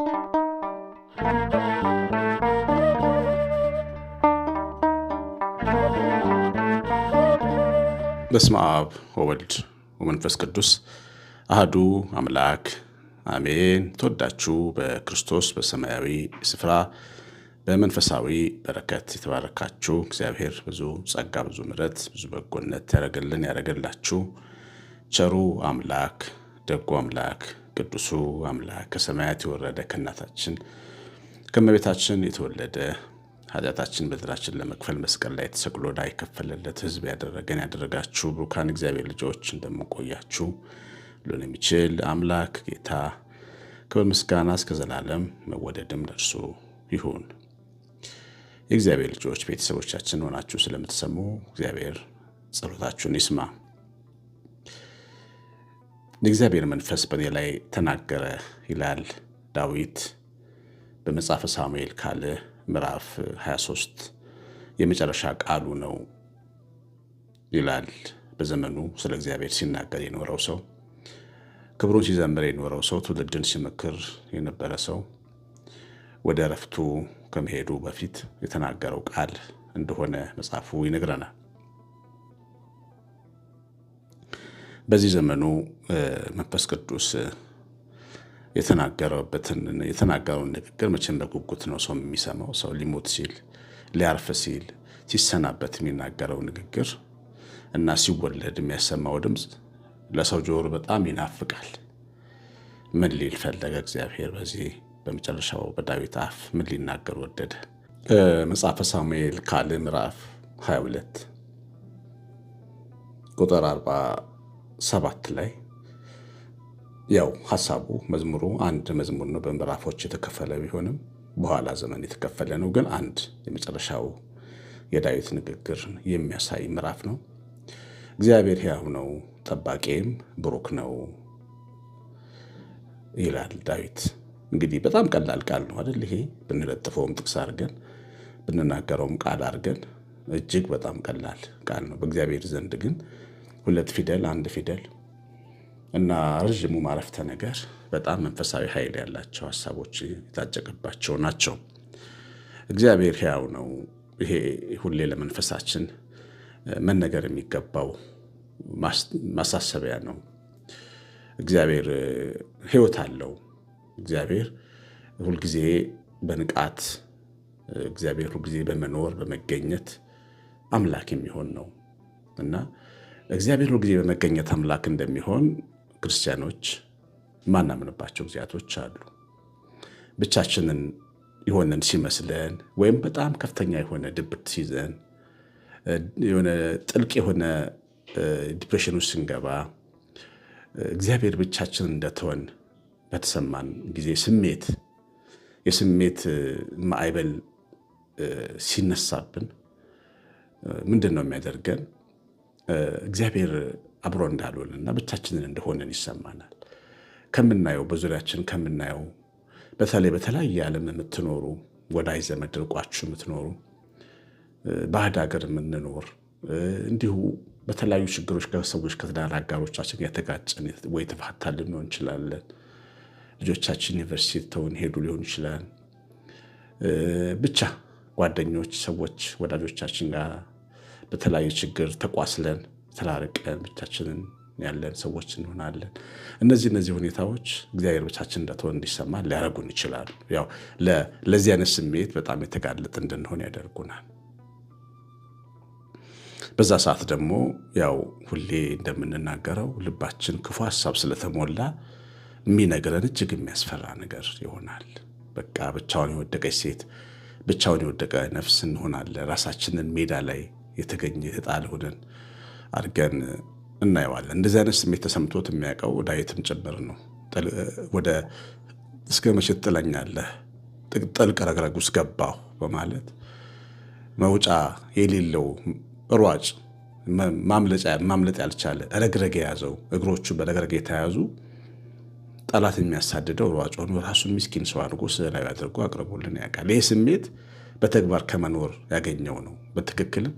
በስመ አብ ወወልድ ወመንፈስ ቅዱስ አህዱ አምላክ አሜን። ተወዳችሁ በክርስቶስ በሰማያዊ ስፍራ በመንፈሳዊ በረከት የተባረካችሁ እግዚአብሔር ብዙ ጸጋ፣ ብዙ ምሕረት፣ ብዙ በጎነት ያደረገልን ያደረገላችሁ ቸሩ አምላክ ደጉ አምላክ ቅዱሱ አምላክ ከሰማያት የወረደ ከእናታችን ከእመቤታችን የተወለደ ኃጢአታችን በድራችን ለመክፈል መስቀል ላይ ተሰቅሎ ዕዳ የከፈለለት ሕዝብ ያደረገን ያደረጋችሁ ብሩካን እግዚአብሔር ልጆች እንደምንቆያችሁ ሊሆን የሚችል አምላክ ጌታ ክብር ምስጋና እስከ ዘላለም መወደድም ለእርሱ ይሁን። የእግዚአብሔር ልጆች ቤተሰቦቻችን ሆናችሁ ስለምትሰሙ እግዚአብሔር ጸሎታችሁን ይስማ። የእግዚአብሔር መንፈስ በእኔ ላይ ተናገረ ይላል ዳዊት በመጽሐፈ ሳሙኤል ካለ ምዕራፍ 23 የመጨረሻ ቃሉ ነው ይላል። በዘመኑ ስለ እግዚአብሔር ሲናገር የኖረው ሰው፣ ክብሩን ሲዘምር የኖረው ሰው፣ ትውልድን ሲመክር የነበረ ሰው ወደ እረፍቱ ከመሄዱ በፊት የተናገረው ቃል እንደሆነ መጽሐፉ ይነግረናል። በዚህ ዘመኑ መንፈስ ቅዱስ የተናገረበትን የተናገረውን ንግግር መቼም በጉጉት ነው ሰው የሚሰማው። ሰው ሊሞት ሲል፣ ሊያርፍ ሲል፣ ሲሰናበት የሚናገረው ንግግር እና ሲወለድ የሚያሰማው ድምፅ ለሰው ጆሮ በጣም ይናፍቃል። ምን ሊል ፈለገ እግዚአብሔር በዚህ በመጨረሻው በዳዊት አፍ ምን ሊናገር ወደደ? መጽሐፈ ሳሙኤል ካልዕ ምዕራፍ 22 ቁጥር ሰባት ላይ ያው ሀሳቡ መዝሙሩ አንድ መዝሙር ነው። በምዕራፎች የተከፈለ ቢሆንም በኋላ ዘመን የተከፈለ ነው። ግን አንድ የመጨረሻው የዳዊት ንግግር የሚያሳይ ምዕራፍ ነው። እግዚአብሔር ሕያው ነው፣ ጠባቂም ብሩክ ነው ይላል ዳዊት። እንግዲህ በጣም ቀላል ቃል ነው አይደል? ይሄ ብንለጥፈውም ጥቅስ አድርገን ብንናገረውም ቃል አድርገን እጅግ በጣም ቀላል ቃል ነው። በእግዚአብሔር ዘንድ ግን ሁለት ፊደል አንድ ፊደል እና ረዥሙ ማረፍተ ነገር በጣም መንፈሳዊ ኃይል ያላቸው ሀሳቦች የታጨቀባቸው ናቸው። እግዚአብሔር ሕያው ነው። ይሄ ሁሌ ለመንፈሳችን መነገር የሚገባው ማሳሰቢያ ነው። እግዚአብሔር ሕይወት አለው። እግዚአብሔር ሁልጊዜ በንቃት እግዚአብሔር ሁልጊዜ በመኖር በመገኘት አምላክ የሚሆን ነው እና እግዚአብሔር ሁልጊዜ በመገኘት አምላክ እንደሚሆን ክርስቲያኖች ማናምንባቸው ጊዜያቶች አሉ። ብቻችንን የሆነን ሲመስለን ወይም በጣም ከፍተኛ የሆነ ድብርት ሲይዘን የሆነ ጥልቅ የሆነ ዲፕሬሽን ውስጥ ስንገባ እግዚአብሔር ብቻችንን እንደተወን በተሰማን ጊዜ ስሜት የስሜት ማዕበል ሲነሳብን ምንድን ነው የሚያደርገን? እግዚአብሔር አብሮ እንዳልሆን እና ብቻችንን እንደሆነን ይሰማናል። ከምናየው በዙሪያችን ከምናየው በተለይ በተለያየ ዓለም የምትኖሩ ወዳጅ ዘመድ ርቋችሁ የምትኖሩ ባዕድ ሀገር የምንኖር እንዲሁ በተለያዩ ችግሮች ከሰዎች ከትዳር አጋሮቻችን የተጋጨን ወይ ተፋታ ልንሆን እንችላለን። ልጆቻችን ዩኒቨርሲቲ ተውን ሄዱ ሊሆን ይችላል። ብቻ ጓደኞች፣ ሰዎች፣ ወዳጆቻችን ጋር በተለያዩ ችግር ተቋስለን ተላርቀን ብቻችንን ያለን ሰዎች እንሆናለን። እነዚህ እነዚህ ሁኔታዎች እግዚአብሔር ብቻችን እንደተሆን እንዲሰማ ሊያደርጉን ይችላሉ። ያው ለዚህ አይነት ስሜት በጣም የተጋለጥ እንድንሆን ያደርጉናል። በዛ ሰዓት ደግሞ ያው ሁሌ እንደምንናገረው ልባችን ክፉ ሀሳብ ስለተሞላ የሚነግረን እጅግ የሚያስፈራ ነገር ይሆናል። በቃ ብቻውን የወደቀች ሴት፣ ብቻውን የወደቀ ነፍስ እንሆናለን። ራሳችንን ሜዳ ላይ የተገኘ እጣል ሆነን አድርገን እናየዋለን። እንደዚህ አይነት ስሜት ተሰምቶት የሚያውቀው ዳዊትም ጭምር ነው። ወደ እስከ መቼ ትጥለኛለህ? ጥልቅ ረግረግ ውስጥ ገባሁ በማለት መውጫ የሌለው ሯጭ፣ ማምለጥ ያልቻለ ረግረግ የያዘው እግሮቹ በረግረግ የተያዙ ጠላት የሚያሳድደው ሯጭ ሆኖ ራሱ ምስኪን ሰው አድርጎ ስዕላዊ አድርጎ አቅርቦልን ያውቃል። ይህ ስሜት በተግባር ከመኖር ያገኘው ነው። በትክክልም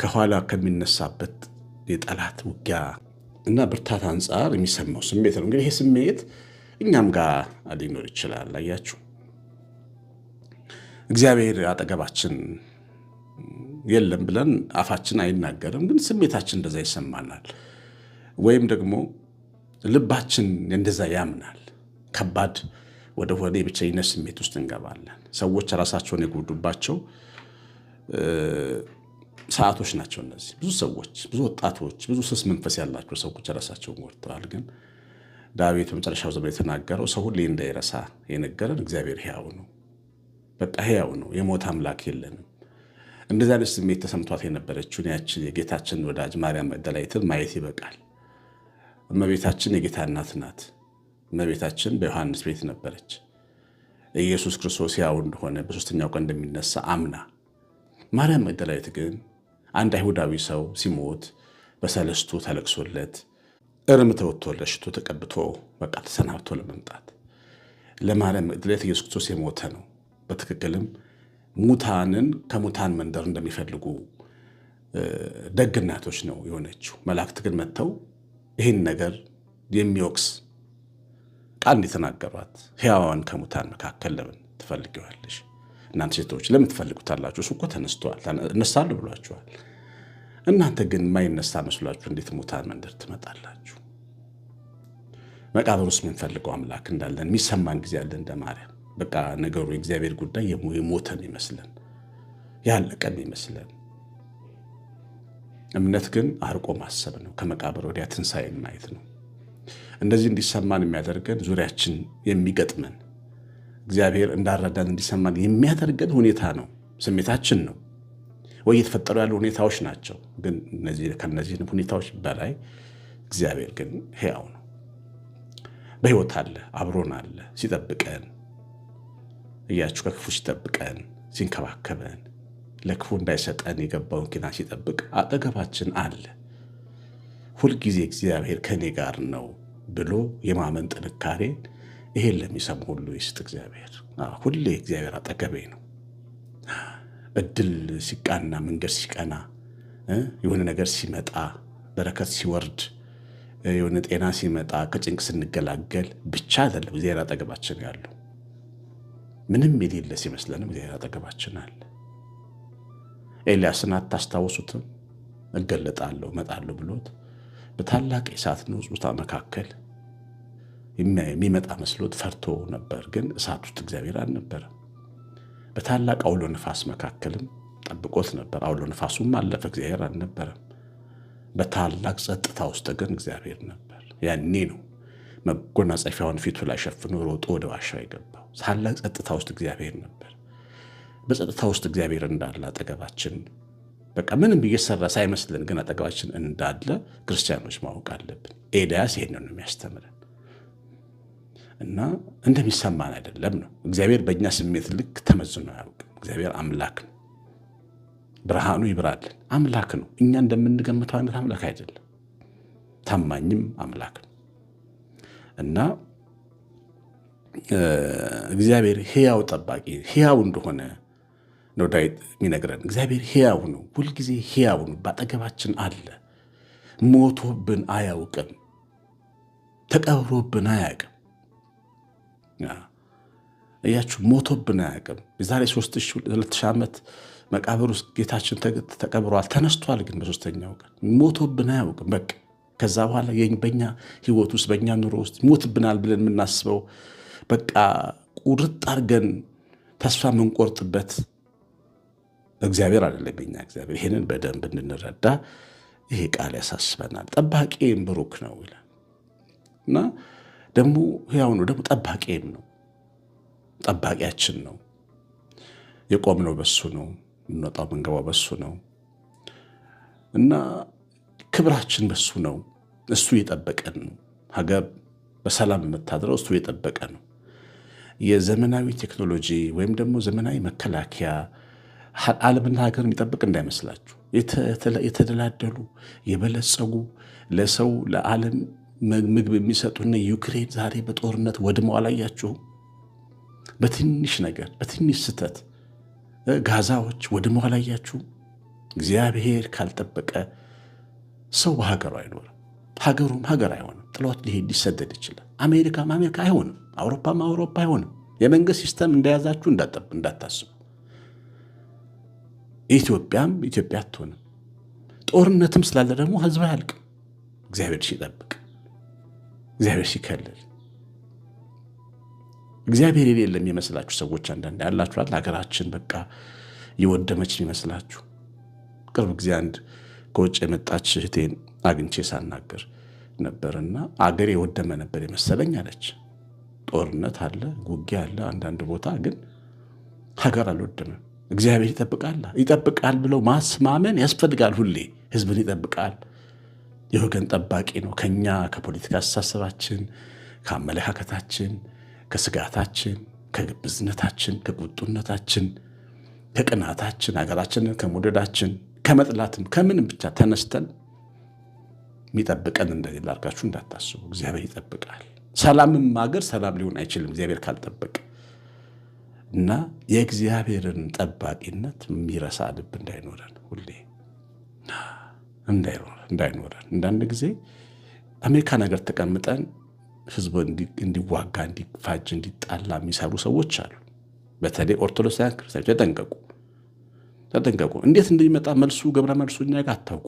ከኋላ ከሚነሳበት የጠላት ውጊያ እና ብርታት አንጻር የሚሰማው ስሜት ነው። እንግዲህ ይሄ ስሜት እኛም ጋር ሊኖር ይችላል። አያችሁ እግዚአብሔር አጠገባችን የለም ብለን አፋችን አይናገርም፣ ግን ስሜታችን እንደዛ ይሰማናል። ወይም ደግሞ ልባችን እንደዛ ያምናል። ከባድ ወደ ሆነ የብቸኝነት ስሜት ውስጥ እንገባለን። ሰዎች ራሳቸውን የጎዱባቸው ሰዓቶች ናቸው እነዚህ። ብዙ ሰዎች፣ ብዙ ወጣቶች፣ ብዙ ስስ መንፈስ ያላቸው ሰዎች ራሳቸውን ጎድተዋል። ግን ዳዊት በመጨረሻው ዘመን የተናገረው ሰው ሁሌ እንዳይረሳ የነገረን እግዚአብሔር ሕያው ነው። በቃ ሕያው ነው። የሞት አምላክ የለንም። እንደዚህ አይነት ስሜት ተሰምቷት የነበረችውን ያችን የጌታችን ወዳጅ ማርያም መግደላዊትን ማየት ይበቃል። እመቤታችን የጌታ እናት ናት። እመቤታችን በዮሐንስ ቤት ነበረች። ኢየሱስ ክርስቶስ ያው እንደሆነ በሶስተኛው ቀን እንደሚነሳ አምና። ማርያም መግደላዊት ግን አንድ አይሁዳዊ ሰው ሲሞት በሰለስቱ ተለቅሶለት እርም ተወጥቶለት ሽቶ ተቀብቶ በቃ ተሰናብቶ ለመምጣት ለማርያም መግደላዊት ኢየሱስ ክርስቶስ የሞተ ነው። በትክክልም ሙታንን ከሙታን መንደር እንደሚፈልጉ ደግ እናቶች ነው የሆነችው። መላእክት ግን መጥተው ይህን ነገር የሚወቅስ አንድ የተናገሯት ሕያዋን ከሙታን መካከል ለምን ትፈልጊዋለሽ? እናንተ ሴቶች ለምን ትፈልጉታላችሁ? እሱ እኮ ተነስተዋል፣ እነሳሉ ብሏችኋል። እናንተ ግን ማይነሳ መስሏችሁ እንዴት ሙታን መንደር ትመጣላችሁ? መቃብር ውስጥ የምንፈልገው አምላክ እንዳለን የሚሰማን ጊዜ ያለን እንደ ማርያም በቃ ነገሩ የእግዚአብሔር ጉዳይ የሞተን ይመስለን ያለቀን ይመስለን። እምነት ግን አርቆ ማሰብ ነው። ከመቃብር ወዲያ ትንሣኤን ማየት ነው። እንደዚህ እንዲሰማን የሚያደርገን ዙሪያችን የሚገጥመን እግዚአብሔር እንዳረዳን እንዲሰማን የሚያደርገን ሁኔታ ነው፣ ስሜታችን ነው ወይ የተፈጠሩ ያሉ ሁኔታዎች ናቸው። ግን ከነዚህ ሁኔታዎች በላይ እግዚአብሔር ግን ሕያው ነው። በሕይወት አለ፣ አብሮን አለ፣ ሲጠብቀን እያችሁ ከክፉ ሲጠብቀን፣ ሲንከባከበን፣ ለክፉ እንዳይሰጠን የገባውን ኪዳን ሲጠብቅ አጠገባችን አለ። ሁልጊዜ እግዚአብሔር ከእኔ ጋር ነው። ብሎ የማመን ጥንካሬ ይሄን ለሚሰሙ ሁሉ ይስጥ እግዚአብሔር። ሁሌ እግዚአብሔር አጠገቤ ነው። እድል ሲቃና፣ መንገድ ሲቀና፣ የሆነ ነገር ሲመጣ፣ በረከት ሲወርድ፣ የሆነ ጤና ሲመጣ፣ ከጭንቅ ስንገላገል ብቻ አይደለም እግዚአብሔር አጠገባችን ያሉ። ምንም የሌለ ሲመስለንም እግዚአብሔር አጠገባችን አለ። ኤልያስን አታስታውሱትም? እገለጣለሁ እመጣለሁ ብሎት በታላቅ የእሳት ንውጽውጽታ መካከል የሚመጣ መስሎት ፈርቶ ነበር። ግን እሳት ውስጥ እግዚአብሔር አልነበረ። በታላቅ አውሎ ነፋስ መካከልም ጠብቆት ነበር። አውሎ ነፋሱም አለፈ፣ እግዚአብሔር አልነበረም። በታላቅ ጸጥታ ውስጥ ግን እግዚአብሔር ነበር። ያኔ ነው መጎናጸፊያውን ፊቱ ላይ ሸፍኖ ሮጦ ወደ ዋሻው የገባው። ታላቅ ጸጥታ ውስጥ እግዚአብሔር ነበር። በጸጥታ ውስጥ እግዚአብሔር እንዳለ አጠገባችን በቃ ምንም እየሰራ ሳይመስልን ግን አጠገባችን እንዳለ ክርስቲያኖች ማወቅ አለብን። ኤልያስ ይሄንን ነው የሚያስተምረን እና እንደሚሰማን አይደለም ነው። እግዚአብሔር በእኛ ስሜት ልክ ተመዝኖ አያውቅም። እግዚአብሔር አምላክ ነው። ብርሃኑ ይብራልን አምላክ ነው። እኛ እንደምንገምተው አይነት አምላክ አይደለም። ታማኝም አምላክ ነው እና እግዚአብሔር ሕያው ጠባቂ ሕያው እንደሆነ ነው ዳዊት የሚነግረን። እግዚአብሔር ሕያው ነው፣ ሁልጊዜ ሕያው ነው፣ በአጠገባችን አለ። ሞቶብን አያውቅም፣ ተቀብሮብን አያውቅም። እያችሁ ሞቶብን አያውቅም። የዛሬ 3 ዓመት መቃብር ውስጥ ጌታችን ተቀብሯል፣ ተነስቷል። ግን በሶስተኛው ቀን ሞቶብን አያውቅም። በቃ ከዛ በኋላ በኛ ህይወት ውስጥ በእኛ ኑሮ ውስጥ ይሞትብናል ብለን የምናስበው በቃ ቁርጥ አድርገን ተስፋ የምንቆርጥበት እግዚአብሔር አይደለብኛ እግዚአብሔር ይህንን በደንብ እንድንረዳ ይሄ ቃል ያሳስበናል። ጠባቂም ብሩክ ነው ይላል እና ደግሞ ሕያው ነው ደግሞ ጠባቂም ነው ጠባቂያችን ነው። የቆምነው በሱ ነው፣ የምንወጣው የምንገባው በሱ ነው እና ክብራችን በሱ ነው። እሱ የጠበቀን ነው። ሀገር በሰላም የምታድረው እሱ የጠበቀ ነው። የዘመናዊ ቴክኖሎጂ ወይም ደግሞ ዘመናዊ መከላከያ ዓለምና ሀገር የሚጠብቅ እንዳይመስላችሁ። የተደላደሉ የበለጸጉ ለሰው ለዓለም ምግብ የሚሰጡና ዩክሬን ዛሬ በጦርነት ወድመው አላያችሁም? በትንሽ ነገር በትንሽ ስህተት ጋዛዎች ወድመው አላያችሁም? እግዚአብሔር ካልጠበቀ ሰው በሀገሩ አይኖርም፣ ሀገሩም ሀገር አይሆንም። ጥሎት ሊሄድ ሊሰደድ ይችላል። አሜሪካም አሜሪካ አይሆንም፣ አውሮፓም አውሮፓ አይሆንም። የመንግስት ሲስተም እንደያዛችሁ እንዳታስቡ። ኢትዮጵያም ኢትዮጵያ አትሆንም። ጦርነትም ስላለ ደግሞ ህዝብ አያልቅም። እግዚአብሔር ሲጠብቅ፣ እግዚአብሔር ሲከልል፣ እግዚአብሔር የሌለም የሚመስላችሁ ሰዎች አንዳንድ ያላችኋል። ሀገራችን በቃ የወደመች የሚመስላችሁ ቅርብ ጊዜ አንድ ከውጭ የመጣች እህቴን አግኝቼ ሳናገር ነበርና አገር የወደመ ነበር የመሰለኝ አለች። ጦርነት አለ፣ ውጊያ አለ። አንዳንድ ቦታ ግን ሀገር አልወደመም። እግዚአብሔር ይጠብቃል ይጠብቃል ብለው ማስማመን ያስፈልጋል። ሁሌ ህዝብን ይጠብቃል። የወገን ጠባቂ ነው። ከኛ ከፖለቲካ አስተሳሰባችን፣ ከአመለካከታችን፣ ከስጋታችን፣ ከግብዝነታችን፣ ከቁጡነታችን፣ ከቅናታችን፣ ሀገራችንን ከመውደዳችን፣ ከመጥላትም ከምንም ብቻ ተነስተን የሚጠብቀን እንደሌላ አድርጋችሁ እንዳታስቡ። እግዚአብሔር ይጠብቃል። ሰላምም ሀገር ሰላም ሊሆን አይችልም እግዚአብሔር ካልጠበቀ እና የእግዚአብሔርን ጠባቂነት የሚረሳ ልብ እንዳይኖረን ሁሌ እንዳይኖረን። እንዳንድ ጊዜ አሜሪካን ሀገር ተቀምጠን ህዝቡ እንዲዋጋ፣ እንዲፋጅ፣ እንዲጣላ የሚሰሩ ሰዎች አሉ። በተለይ ኦርቶዶክሳውያን ክርስቲያኖች ተጠንቀቁ፣ ተጠንቀቁ። እንዴት እንደሚመጣ መልሱ ገብረ መልሱ እኛ ጋር አታውቁ።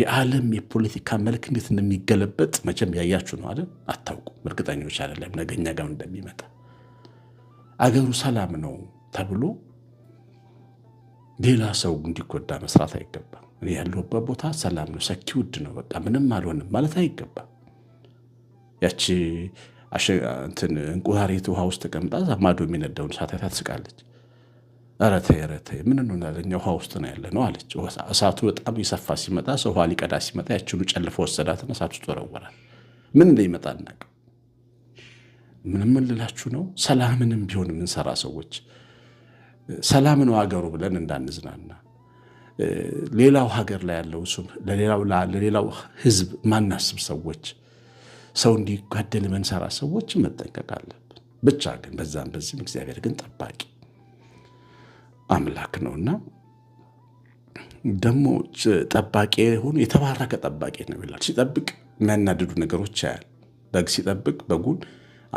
የዓለም የፖለቲካ መልክ እንዴት እንደሚገለበጥ መቼም ያያችሁ ነው አይደል? አታውቁ፣ እርግጠኞች አይደለም ነገ እኛ ጋር እንደሚመጣ አገሩ ሰላም ነው ተብሎ ሌላ ሰው እንዲጎዳ መስራት አይገባም። እኔ ያለሁበት ቦታ ሰላም ነው፣ ሰኪ ውድ ነው፣ በቃ ምንም አልሆንም ማለት አይገባም። ያቺ እንቁራሪት ውሃ ውስጥ ተቀምጣ ማዶ የሚነደውን እሳት አይታ ትስቃለች። ኧረ ተይ ኧረ ተይ ምን እንሆናለን እኛ ውሃ ውስጥ ነው ያለ ነው አለች። እሳቱ በጣም የሰፋ ሲመጣ ሰው ውሃ ሊቀዳ ሲመጣ ያችኑ ጨልፎ ወሰዳትን እሳት ውስጥ ወረወራል። ምን እንደሚመጣ እናውቅ ምንም ልላችሁ ነው። ሰላምንም ቢሆን የምንሰራ ሰዎች ሰላም ነው ሀገሩ ብለን እንዳንዝናና ሌላው ሀገር ላይ ያለው እሱን ለሌላው ህዝብ ማናስብ ሰዎች ሰው እንዲጓደል መንሰራ ሰዎች መጠንቀቅ አለብን። ብቻ ግን በዛም በዚህም እግዚአብሔር ግን ጠባቂ አምላክ ነውና ደግሞ ጠባቂ ሆኖ የተባረከ ጠባቂ ነው ይላል። ሲጠብቅ የሚያናድዱ ነገሮች ያያል። በግ ሲጠብቅ በጉን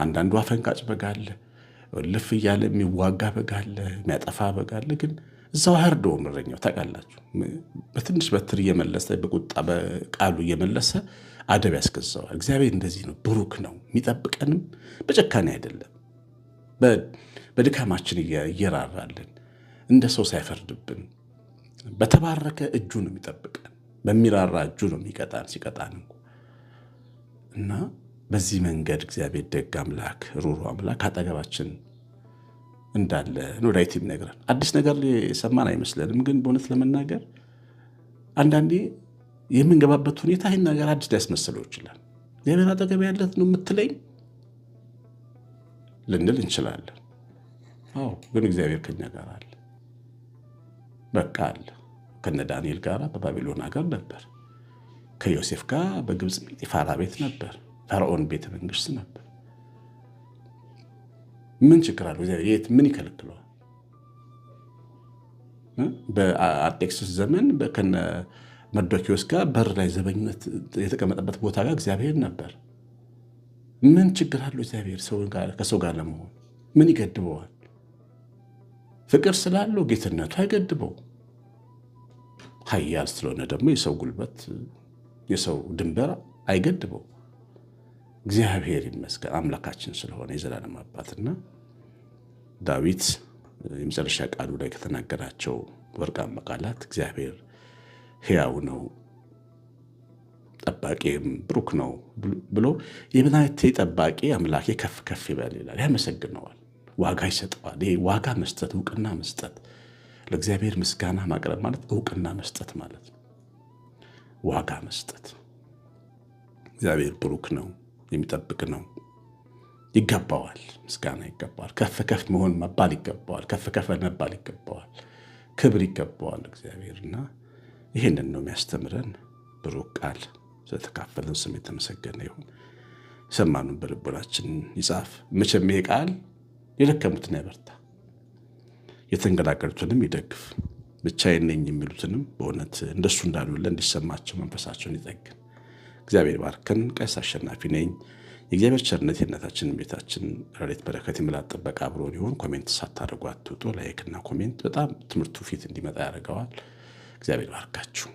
አንዳንዱ አፈንቃጭ በግ አለ፣ ልፍ እያለ የሚዋጋ በግ አለ፣ የሚያጠፋ በግ አለ። ግን እዛው ሀርዶ ምረኛው ታውቃላችሁ፣ በትንሽ በትር እየመለሰ በቁጣ በቃሉ እየመለሰ አደብ ያስገዛዋል። እግዚአብሔር እንደዚህ ነው፣ ብሩክ ነው። የሚጠብቀንም በጨካኔ አይደለም፣ በድካማችን እየራራልን እንደ ሰው ሳይፈርድብን በተባረከ እጁ ነው የሚጠብቀን፣ በሚራራ እጁ ነው የሚቀጣን ሲቀጣን እና በዚህ መንገድ እግዚአብሔር ደግ አምላክ ሩሩ አምላክ አጠገባችን እንዳለ ወዳይት ይነግራል። አዲስ ነገር የሰማን አይመስለንም፣ ግን በእውነት ለመናገር አንዳንዴ የምንገባበት ሁኔታ ይህን ነገር አዲስ ሊያስመስለው ይችላል። እግዚአብሔር አጠገብ ያለት ነው የምትለኝ ልንል እንችላለን። አዎ፣ ግን እግዚአብሔር ከኛ ጋር አለ። በቃ አለ። ከነ ዳንኤል ጋር በባቢሎን ሀገር ነበር። ከዮሴፍ ጋር በግብፅ ጲጢፋራ ቤት ነበር። ፈርዖን ቤተ መንግስት ነበር። ምን ችግር አለው? የት ምን ይከለክለዋል? በአርጤክስስ ዘመን ከነ መርዶኪዎስ ጋር በር ላይ ዘበኝነት የተቀመጠበት ቦታ ጋር እግዚአብሔር ነበር። ምን ችግር አለው? እግዚአብሔር ከሰው ጋር ለመሆን ምን ይገድበዋል? ፍቅር ስላለው ጌትነቱ አይገድበው። ኃያል ስለሆነ ደግሞ የሰው ጉልበት የሰው ድንበር አይገድበው። እግዚአብሔር ይመስገን አምላካችን ስለሆነ የዘላለም አባትና ዳዊት የመጨረሻ ቃሉ ላይ ከተናገራቸው ወርቃማ ቃላት እግዚአብሔር ሕያው ነው ጠባቂም ብሩክ ነው ብሎ የመድኃኒቴ ጠባቂ አምላኬ ከፍ ከፍ ይበል ይላል። ያመሰግነዋል፣ ዋጋ ይሰጠዋል። ይሄ ዋጋ መስጠት፣ እውቅና መስጠት፣ ለእግዚአብሔር ምስጋና ማቅረብ ማለት እውቅና መስጠት ማለት ነው። ዋጋ መስጠት እግዚአብሔር ብሩክ ነው የሚጠብቅ ነው። ይገባዋል፣ ምስጋና ይገባዋል። ከፍ ከፍ መሆን መባል ይገባዋል። ከፍ ከፍ መባል ይገባዋል። ክብር ይገባዋል እግዚአብሔርና ይህንን ነው የሚያስተምረን። ብሩክ ቃል ስለተካፈለን ስም የተመሰገነ ይሁን። የሰማኑን በልቦናችን ይጻፍ። መቼም ይሄ ቃል የደከሙትን ያበርታ፣ የተንገላገሉትንም ይደግፍ፣ ብቻዬን ነኝ የሚሉትንም በእውነት እንደሱ እንዳሉለ እንዲሰማቸው መንፈሳቸውን ይጠግን። እግዚአብሔር ባርከን። ቀሲስ አሸናፊ ነኝ። የእግዚአብሔር ቸርነት የእናታችን ቤታችን ረድኤት በረከት የምላት ጥበቃ አብሮን ሊሆን ኮሜንት ሳታደርጉ አትውጡ። ላይክና ኮሜንት በጣም ትምህርቱ ፊት እንዲመጣ ያደርገዋል። እግዚአብሔር ባርካችሁ።